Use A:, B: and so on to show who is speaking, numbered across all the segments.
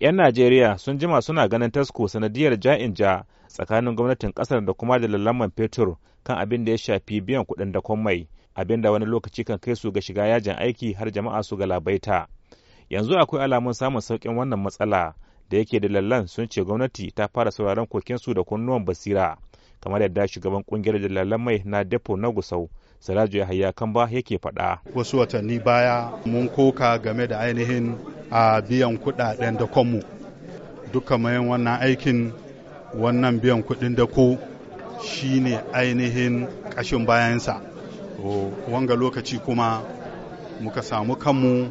A: 'Yan Najeriya sun jima suna ganin tasko sanadiyar ja'in ja tsakanin gwamnatin kasar da kuma dalilan man fetur kan abin da ya shafi biyan kuɗin dakon mai abin da wani lokaci kan kai su ga shiga yajin aiki har jama'a su ga labaita Yanzu akwai alamun samun saukin wannan matsala da yake da dalilan sun ce gwamnati ta fara sauraron kokensu da kunnuwan basira kamar yadda shugaban kungiyar dalalan mai na depo na gusau sirajo yahaya kamba yake faɗa
B: wasu watanni baya mun koka game da ainihin a biyan kuɗaɗen da kwanmu duka mayan wannan aikin wannan biyan kuɗin da ko shine ainihin ƙashin bayansa wanga lokaci kuma muka samu kanmu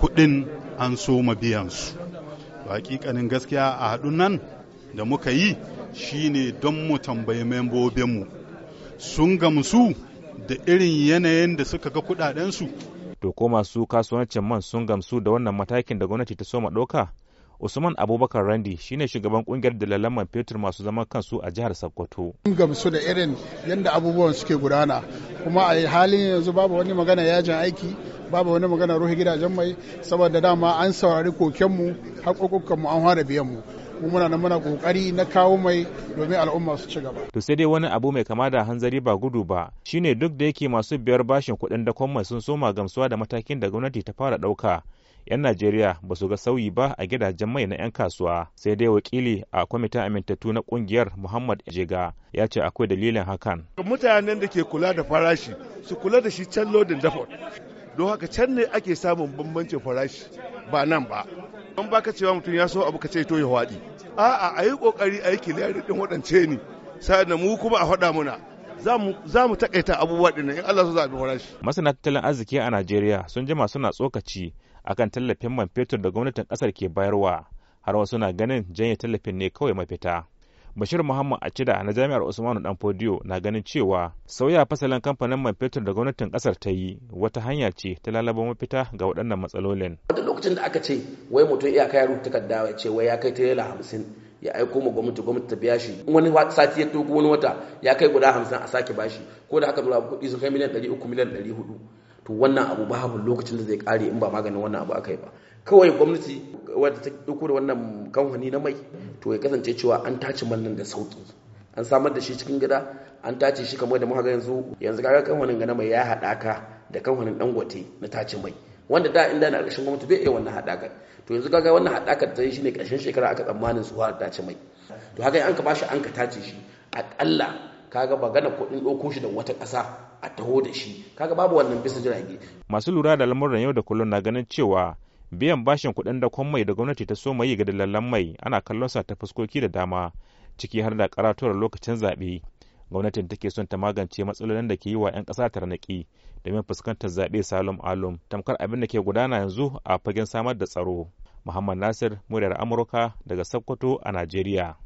B: kuɗin an so biyansu hakikanin gaskiya a haɗun nan da muka yi shine don mu tambayi membobinmu sun gamsu da irin yanayin da suka ga kudadensu
A: to ko masu kasuwancin man sun gamsu da wannan matakin da gwamnati ta soma doka usman abubakar randi shine shugaban kungiyar dalalan man fetur masu zaman kansu a jihar sokoto sun
B: gamsu da irin yadda abubuwan suke gudana kuma a halin yanzu babu wani magana yajin aiki babu wani magana ruhi gidajen mai saboda dama an saurari kokenmu haƙoƙokanmu an fara biyan mu muna nan muna kokari na kawo mai domin al'umma su ci gaba
A: to sai dai wani abu mai kama da hanzari ba gudu ba shine duk da yake masu biyar bashin kuɗin da kwamma sun soma gamsuwa da matakin da gwamnati ta fara ɗauka 'yan Najeriya ba su ga sauyi ba a gidajen mai na 'yan kasuwa sai dai wakili a kwamitin amintattu na kungiyar Muhammad Jega ya ce akwai dalilin hakan.
B: Mutanen da ke kula da farashi su kula da shi can lodin dafot don haka can ne ake samun bambancin farashi ba nan ba. an baka cewa mutum ya so abu ka ce to ya waɗi a'a a yi kokari a yi da din waɗance ni. sa'ad da mu kuma a faɗa muna za mu takaita abubuwa ɗin in Allah so za a bi farashi
A: masana tattalin arziki a Najeriya sun jima suna tsokaci akan tallafin man fetur da gwamnatin ƙasar ke bayarwa har wasu na ganin janye tallafin ne kawai mafita bashir muhammad acida na jami'ar usmanu dan fodiyo na ganin cewa sauya fasalin kamfanin man fetur da gwamnatin kasar ta yi wata hanya ce ta lalaba mafita ga waɗannan matsalolin wata
C: lokacin da aka ce wai mutum iya ya rubuta takarda ya ce wai ya kai yela hamsin ya aiko ma gwamnati gwamnati ta biya shi wani sati ya togo wani wata ya kai guda hamsin a sake bashi ko da aka zura kuɗi sun kai miliyan ɗari uku miliyan ɗari hudu to wannan abu babu lokacin da zai kare in ba maganin wannan abu aka yi ba kawai gwamnati wadda ta dauko da wannan kamfani na mai to ya kasance cewa an tace man nan da sauki an samar da shi cikin gida an tace shi kamar da muka ga yanzu yanzu kaga kamfanin ga na mai ya haɗaka da kamfanin dangote na tace mai wanda da inda na karshen gwamnati bai iya wannan haɗakar to yanzu kaga wannan haɗakar ta yi shine ƙarshen shekara aka tsammanin su har tace mai to haka an ka bashi an ka tace shi aƙalla kaga magana kuɗin ɗauko shi da wata ƙasa a taho da shi kaga babu wannan bisa jirage
A: masu lura da lamuran yau da kullum na ganin cewa biyan bashin kuɗin da kwan mai da gwamnati ta soma yi ga dalalan mai ana kallon sa ta fuskoki da dama ciki har da karatuwar lokacin zaɓe gwamnatin take son ta magance matsalolin da ke yi wa 'yan ƙasa tarnaƙi domin fuskantar zaɓe salum alum tamkar abin da ke gudana yanzu a fagen samar da tsaro muhammad nasir muryar amurka daga sokoto a najeriya